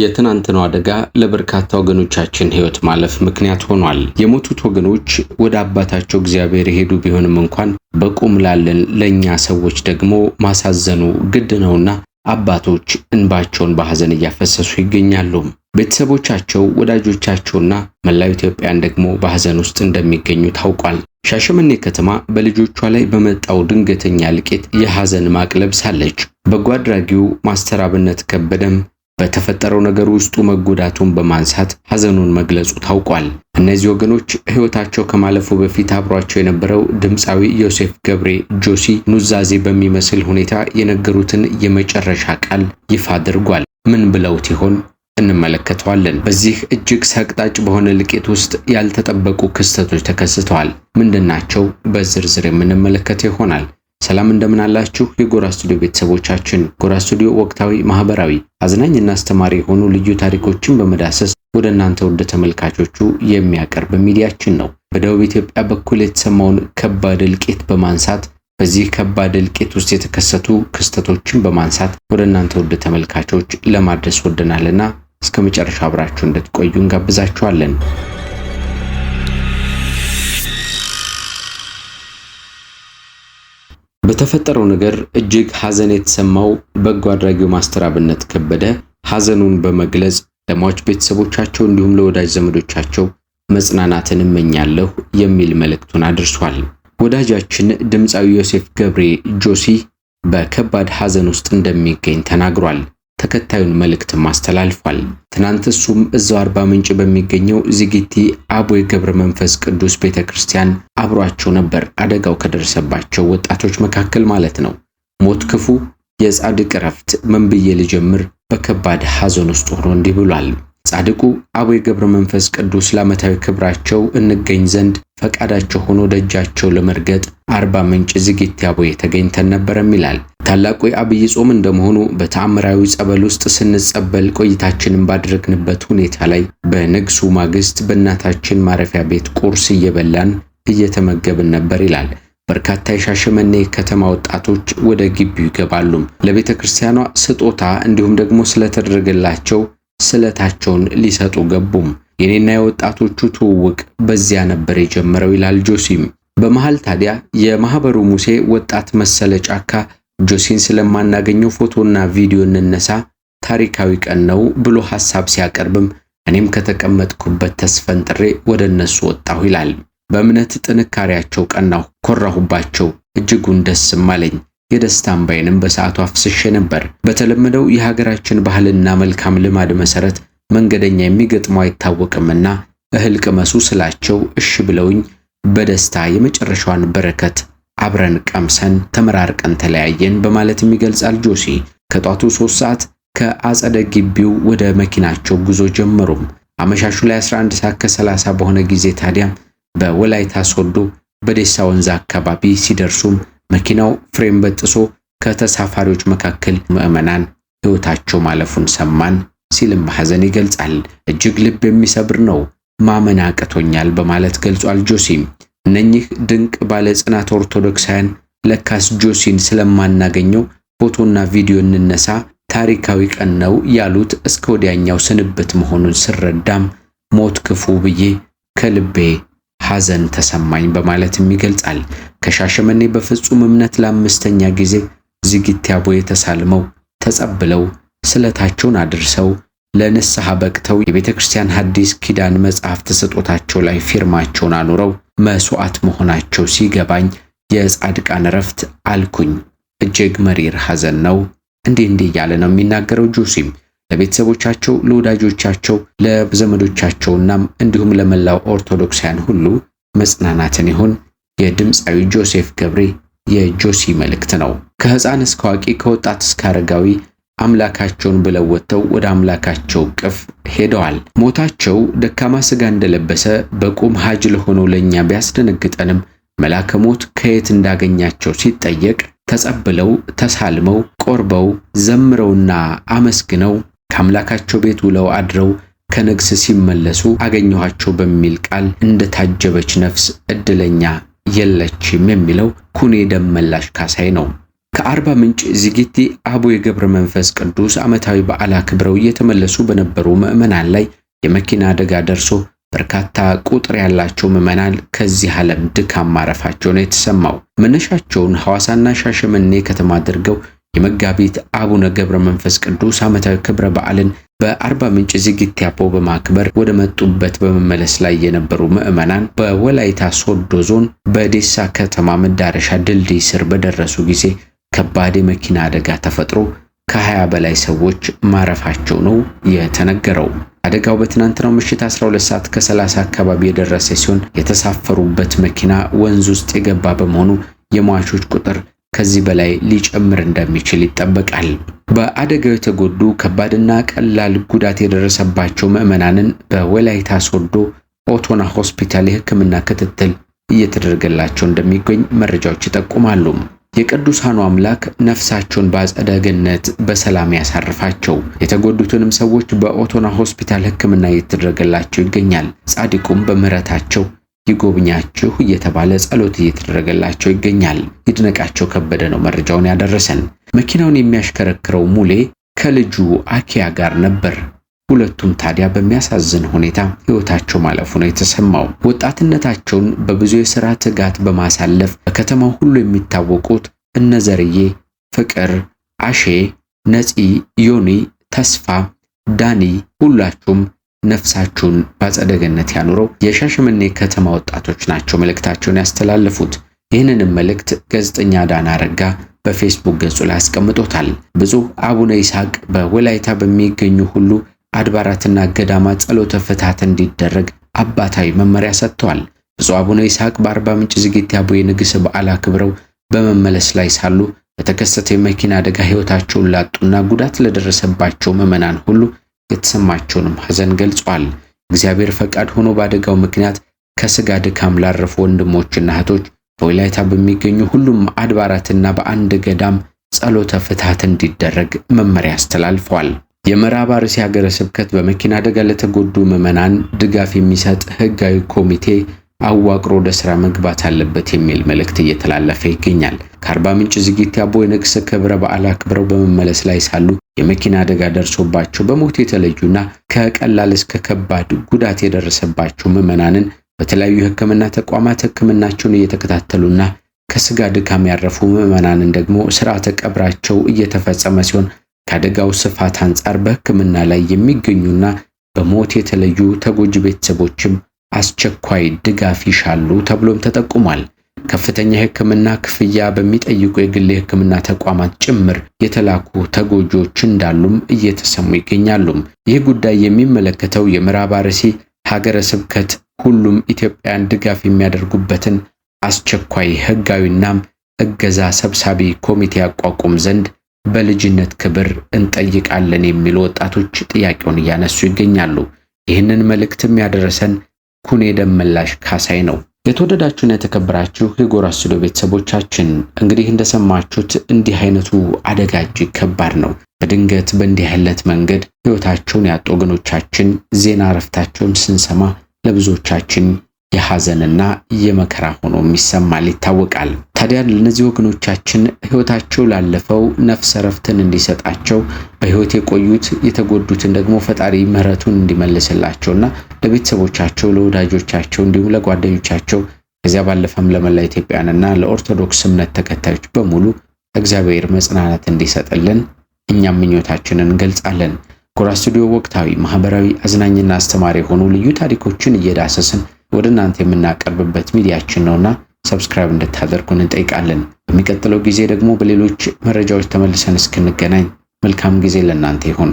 የትናንትናው አደጋ ለበርካታ ወገኖቻችን ሕይወት ማለፍ ምክንያት ሆኗል። የሞቱት ወገኖች ወደ አባታቸው እግዚአብሔር የሄዱ ቢሆንም እንኳን በቁም ላለን ለእኛ ሰዎች ደግሞ ማሳዘኑ ግድ ነውና አባቶች እንባቸውን በሐዘን እያፈሰሱ ይገኛሉ። ቤተሰቦቻቸው፣ ወዳጆቻቸውና መላው ኢትዮጵያን ደግሞ በሐዘን ውስጥ እንደሚገኙ ታውቋል። ሻሸመኔ ከተማ በልጆቿ ላይ በመጣው ድንገተኛ እልቂት የሐዘን ማቅ ለብሳለች። በጎ አድራጊው ማስተር አብነት ከበደም በተፈጠረው ነገር ውስጡ መጎዳቱን በማንሳት ሐዘኑን መግለጹ ታውቋል። እነዚህ ወገኖች ሕይወታቸው ከማለፉ በፊት አብሯቸው የነበረው ድምፃዊ ዮሴፍ ገብሬ ጆሲ ኑዛዜ በሚመስል ሁኔታ የነገሩትን የመጨረሻ ቃል ይፋ አድርጓል። ምን ብለውት ይሆን? እንመለከተዋለን። በዚህ እጅግ ሰቅጣጭ በሆነ ልቄት ውስጥ ያልተጠበቁ ክስተቶች ተከስተዋል። ምንድናቸው? በዝርዝር የምንመለከተው ይሆናል። ሰላም እንደምን አላችሁ የጎራ ስቱዲዮ ቤተሰቦቻችን። ጎራ ስቱዲዮ ወቅታዊ፣ ማህበራዊ፣ አዝናኝና አስተማሪ የሆኑ ልዩ ታሪኮችን በመዳሰስ ወደ እናንተ ወደ ተመልካቾቹ የሚያቀርብ ሚዲያችን ነው። በደቡብ ኢትዮጵያ በኩል የተሰማውን ከባድ እልቂት በማንሳት በዚህ ከባድ እልቂት ውስጥ የተከሰቱ ክስተቶችን በማንሳት ወደ እናንተ ወደ ተመልካቾች ለማድረስ ወደናልና እስከ መጨረሻ አብራችሁ እንድትቆዩ እንጋብዛችኋለን። በተፈጠረው ነገር እጅግ ሐዘን የተሰማው በጎ አድራጊው ማስተር አብነት ከበደ ሐዘኑን በመግለጽ ለሟች ቤተሰቦቻቸው እንዲሁም ለወዳጅ ዘመዶቻቸው መጽናናትን እመኛለሁ የሚል መልእክቱን አድርሷል። ወዳጃችን ድምፃዊ ዮሴፍ ገብሬ ጆሲ በከባድ ሐዘን ውስጥ እንደሚገኝ ተናግሯል። ተከታዩን መልእክትም አስተላልፏል። ትናንት እሱም እዛው አርባ ምንጭ በሚገኘው ዚጊቲ አቦ ገብረ መንፈስ ቅዱስ ቤተ ክርስቲያን አብሯቸው ነበር። አደጋው ከደረሰባቸው ወጣቶች መካከል ማለት ነው። ሞት ክፉ፣ የጻድቅ እረፍት ምን ብዬ ልጀምር? በከባድ ሐዘን ውስጥ ሆኖ እንዲህ ብሏል። ጻድቁ አቦ ገብረ መንፈስ ቅዱስ ለዓመታዊ ክብራቸው እንገኝ ዘንድ ፈቃዳቸው ሆኖ ደጃቸው ለመርገጥ አርባ ምንጭ ዝግት ያቦ ተገኝተን ነበረም ይላል። ታላቁ የአብይ ጾም እንደመሆኑ በተአምራዊ ጸበል ውስጥ ስንጸበል ቆይታችንን ባደረግንበት ሁኔታ ላይ በንግሱ ማግስት በእናታችን ማረፊያ ቤት ቁርስ እየበላን እየተመገብን ነበር ይላል። በርካታ የሻሸመኔ ከተማ ወጣቶች ወደ ግቢው ይገባሉ። ለቤተ ክርስቲያኗ ስጦታ እንዲሁም ደግሞ ስለተደረገላቸው ስለታቸውን ሊሰጡ ገቡም። የኔና የወጣቶቹ ትውውቅ በዚያ ነበር የጀመረው ይላል ጆሲም። በመሃል ታዲያ የማህበሩ ሙሴ ወጣት መሰለ ጫካ ጆሲን ስለማናገኘው ፎቶና ቪዲዮ እንነሳ፣ ታሪካዊ ቀን ነው ብሎ ሐሳብ ሲያቀርብም እኔም ከተቀመጥኩበት ተስፈንጥሬ ወደ እነሱ ወጣሁ ይላል። በእምነት ጥንካሬያቸው ቀናሁ፣ ኮራሁባቸው፣ እጅጉን ደስም አለኝ። የደስታ እምባዬንም በሰዓቱ አፍስሼ ነበር። በተለመደው የሀገራችን ባህልና መልካም ልማድ መሰረት መንገደኛ የሚገጥመው አይታወቅምና እህል ቅመሱ ስላቸው እሺ ብለውኝ በደስታ የመጨረሻዋን በረከት አብረን ቀምሰን ተመራርቀን ተለያየን በማለት የሚገልጻል ጆሲ። ከጧቱ ሶስት ሰዓት ከአጸደ ግቢው ወደ መኪናቸው ጉዞ ጀመሩም። አመሻሹ ላይ 11 ሰዓት ከ30 በሆነ ጊዜ ታዲያም በወላይታ ሶዶ በደሳ ወንዝ አካባቢ ሲደርሱም መኪናው ፍሬም በጥሶ ከተሳፋሪዎች መካከል ምዕመናን ሕይወታቸው ማለፉን ሰማን። ሲልም በሐዘን ይገልጻል። እጅግ ልብ የሚሰብር ነው፣ ማመን አቅቶኛል በማለት ገልጿል። ጆሲም እነኚህ ድንቅ ባለጽናት ኦርቶዶክሳውያን ለካስ ጆሲን ስለማናገኘው ፎቶና ቪዲዮ እንነሳ ታሪካዊ ቀን ነው ያሉት እስከ ወዲያኛው ስንብት መሆኑን ስረዳም ሞት ክፉ ብዬ ከልቤ ሐዘን ተሰማኝ በማለትም ይገልጻል። ከሻሸመኔ በፍጹም እምነት ለአምስተኛ ጊዜ ዚጊት ያቦ የተሳልመው ተጸብለው ስለታቸውን አድርሰው ለንስሐ በቅተው የቤተ ክርስቲያን ሐዲስ ኪዳን መጽሐፍት ስጦታቸው ላይ ፊርማቸውን አኑረው መሥዋዕት መሆናቸው ሲገባኝ የጻድቃን እረፍት አልኩኝ። እጅግ መሪር ሐዘን ነው። እንዲህ እንዲህ እያለ ነው የሚናገረው። ጆሲም ለቤተሰቦቻቸው፣ ለወዳጆቻቸው፣ ለዘመዶቻቸውና እንዲሁም ለመላው ኦርቶዶክሳውያን ሁሉ መጽናናትን ይሁን። የድምፃዊ ጆሴፍ ገብሬ የጆሲ መልእክት ነው። ከሕፃን እስከ አዋቂ ከወጣት እስከ አረጋዊ አምላካቸውን ብለው ወጥተው ወደ አምላካቸው ቅፍ ሄደዋል። ሞታቸው ደካማ ስጋ እንደለበሰ በቁም ሐጅ ለሆነው ለእኛ ቢያስደነግጠንም መልአከ ሞት ከየት እንዳገኛቸው ሲጠየቅ ተጸብለው ተሳልመው ቆርበው ዘምረውና አመስግነው ከአምላካቸው ቤት ውለው አድረው ከንግስ ሲመለሱ አገኘኋቸው በሚል ቃል እንደታጀበች ነፍስ እድለኛ የለችም የሚለው ኩኔ ደመላሽ ካሳይ ነው። ከአርባ ምንጭ ዝግቲ አቡ ገብረ መንፈስ ቅዱስ ዓመታዊ በዓል አክብረው እየተመለሱ በነበሩ ምዕመናን ላይ የመኪና አደጋ ደርሶ በርካታ ቁጥር ያላቸው ምዕመናን ከዚህ ዓለም ድካም ነው የተሰማው መነሻቸውን ሐዋሳና ሻሸመኔ ከተማ አድርገው የመጋቢት አቡነ ገብረ መንፈስ ቅዱስ ዓመታዊ ክብረ በዓልን በአርባ ምንጭ ዚጊቲ አቦ በማክበር ወደ መጡበት በመመለስ ላይ የነበሩ ምዕመናን በወላይታ ሶዶ ዞን በዴሳ ከተማ መዳረሻ ድልድይ ስር በደረሱ ጊዜ ከባድ የመኪና አደጋ ተፈጥሮ ከ ከ20 በላይ ሰዎች ማረፋቸው ነው የተነገረው። አደጋው በትናንትናው ምሽት 12 ሰዓት ከ30 አካባቢ የደረሰ ሲሆን የተሳፈሩበት መኪና ወንዝ ውስጥ የገባ በመሆኑ የሟቾች ቁጥር ከዚህ በላይ ሊጨምር እንደሚችል ይጠበቃል። በአደጋው የተጎዱ ከባድና ቀላል ጉዳት የደረሰባቸው ምዕመናንን በወላይታ ሶዶ ኦቶና ሆስፒታል የሕክምና ክትትል እየተደረገላቸው እንደሚገኝ መረጃዎች ይጠቁማሉ። የቅዱሳኑ አምላክ ነፍሳቸውን በአጸደ ገነት በሰላም ያሳርፋቸው። የተጎዱትንም ሰዎች በኦቶና ሆስፒታል ሕክምና እየተደረገላቸው ይገኛል። ጻድቁም በምህረታቸው ይጎብኛችሁ እየተባለ ጸሎት እየተደረገላቸው ይገኛል። ይድነቃቸው ከበደ ነው መረጃውን ያደረሰን። መኪናውን የሚያሽከረክረው ሙሌ ከልጁ አኪያ ጋር ነበር። ሁለቱም ታዲያ በሚያሳዝን ሁኔታ ሕይወታቸው ማለፉ ነው የተሰማው። ወጣትነታቸውን በብዙ የሥራ ትጋት በማሳለፍ በከተማው ሁሉ የሚታወቁት እነዘርዬ፣ ፍቅር፣ አሼ፣ ነፂ፣ ዮኒ፣ ተስፋ፣ ዳኒ ሁላችሁም ነፍሳችሁን በአጸደ ያኑረው የሻሸመኔ ከተማ ወጣቶች ናቸው መልእክታቸውን ያስተላለፉት። ይህንንም መልእክት ጋዜጠኛ ዳና ረጋ በፌስቡክ ገጹ ላይ አስቀምጦታል። ብፁዕ አቡነ ይስሐቅ በወላይታ በሚገኙ ሁሉ አድባራትና ገዳማት ጸሎተ ፍትሐት እንዲደረግ አባታዊ መመሪያ ሰጥተዋል። ብፁዕ አቡነ ይስሐቅ በአርባ ምንጭ ዝግት አቡየ ንግሥ በዓል አክብረው በመመለስ ላይ ሳሉ በተከሰተ የመኪና አደጋ ሕይወታቸውን ላጡና ጉዳት ለደረሰባቸው ምዕመናን ሁሉ የተሰማቸውንም ሐዘን ገልጿል። እግዚአብሔር ፈቃድ ሆኖ በአደጋው ምክንያት ከስጋ ድካም ላረፉ ወንድሞችና እህቶች በወላይታ በሚገኙ ሁሉም አድባራትና በአንድ ገዳም ጸሎተ ፍትሐት እንዲደረግ መመሪያ አስተላልፈዋል። የምዕራብ አርሲ ሀገረ ስብከት በመኪና አደጋ ለተጎዱ ምዕመናን ድጋፍ የሚሰጥ ህጋዊ ኮሚቴ አዋቅሮ ወደ ስራ መግባት አለበት የሚል መልእክት እየተላለፈ ይገኛል። ከአርባ ምንጭ ዝጊት ያቦ የንግስ ክብረ በዓል አክብረው በመመለስ ላይ ሳሉ የመኪና አደጋ ደርሶባቸው በሞት የተለዩና ከቀላል እስከ ከባድ ጉዳት የደረሰባቸው ምዕመናንን በተለያዩ የህክምና ተቋማት ህክምናቸውን እየተከታተሉና ከስጋ ድካም ያረፉ ምዕመናንን ደግሞ ስርዓተ ቀብራቸው እየተፈጸመ ሲሆን ከአደጋው ስፋት አንጻር በሕክምና ላይ የሚገኙና በሞት የተለዩ ተጎጂ ቤተሰቦችም አስቸኳይ ድጋፍ ይሻሉ ተብሎም ተጠቁሟል። ከፍተኛ የሕክምና ክፍያ በሚጠይቁ የግል የሕክምና ተቋማት ጭምር የተላኩ ተጎጂዎች እንዳሉም እየተሰሙ ይገኛሉ። ይህ ጉዳይ የሚመለከተው የምዕራብ አርሲ ሀገረ ስብከት ሁሉም ኢትዮጵያን ድጋፍ የሚያደርጉበትን አስቸኳይ ሕጋዊናም እገዛ ሰብሳቢ ኮሚቴ ያቋቁም ዘንድ በልጅነት ክብር እንጠይቃለን የሚሉ ወጣቶች ጥያቄውን እያነሱ ይገኛሉ። ይህንን መልእክትም ያደረሰን ኩኔ ደመላሽ ካሳይ ነው። የተወደዳችሁና የተከበራችሁ የጎራ ስቱዲዮ ቤተሰቦቻችን እንግዲህ እንደሰማችሁት እንዲህ አይነቱ አደጋ እጅግ ከባድ ነው። በድንገት በእንዲህ አይነት መንገድ ህይወታቸውን ያጡ ወገኖቻችን ዜና እረፍታቸውን ስንሰማ ለብዙዎቻችን የሐዘንና የመከራ ሆኖም ይሰማል ይታወቃል። ታዲያ ለእነዚህ ወገኖቻችን ሕይወታቸው ላለፈው ነፍሰ ረፍትን እንዲሰጣቸው በሕይወት የቆዩት የተጎዱትን ደግሞ ፈጣሪ ምሕረቱን እንዲመልስላቸውና ለቤተሰቦቻቸው፣ ለወዳጆቻቸው እንዲሁም ለጓደኞቻቸው ከዚያ ባለፈም ለመላ ኢትዮጵያውያንና ለኦርቶዶክስ እምነት ተከታዮች በሙሉ እግዚአብሔር መጽናናት እንዲሰጥልን እኛም ምኞታችንን እንገልጻለን። ጎራ ስቱዲዮ ወቅታዊ፣ ማህበራዊ፣ አዝናኝና አስተማሪ የሆኑ ልዩ ታሪኮችን እየዳሰስን ወደ እናንተ የምናቀርብበት ሚዲያችን ነውና ሰብስክራይብ እንድታደርጉን እንጠይቃለን። በሚቀጥለው ጊዜ ደግሞ በሌሎች መረጃዎች ተመልሰን እስክንገናኝ መልካም ጊዜ ለእናንተ ይሁን።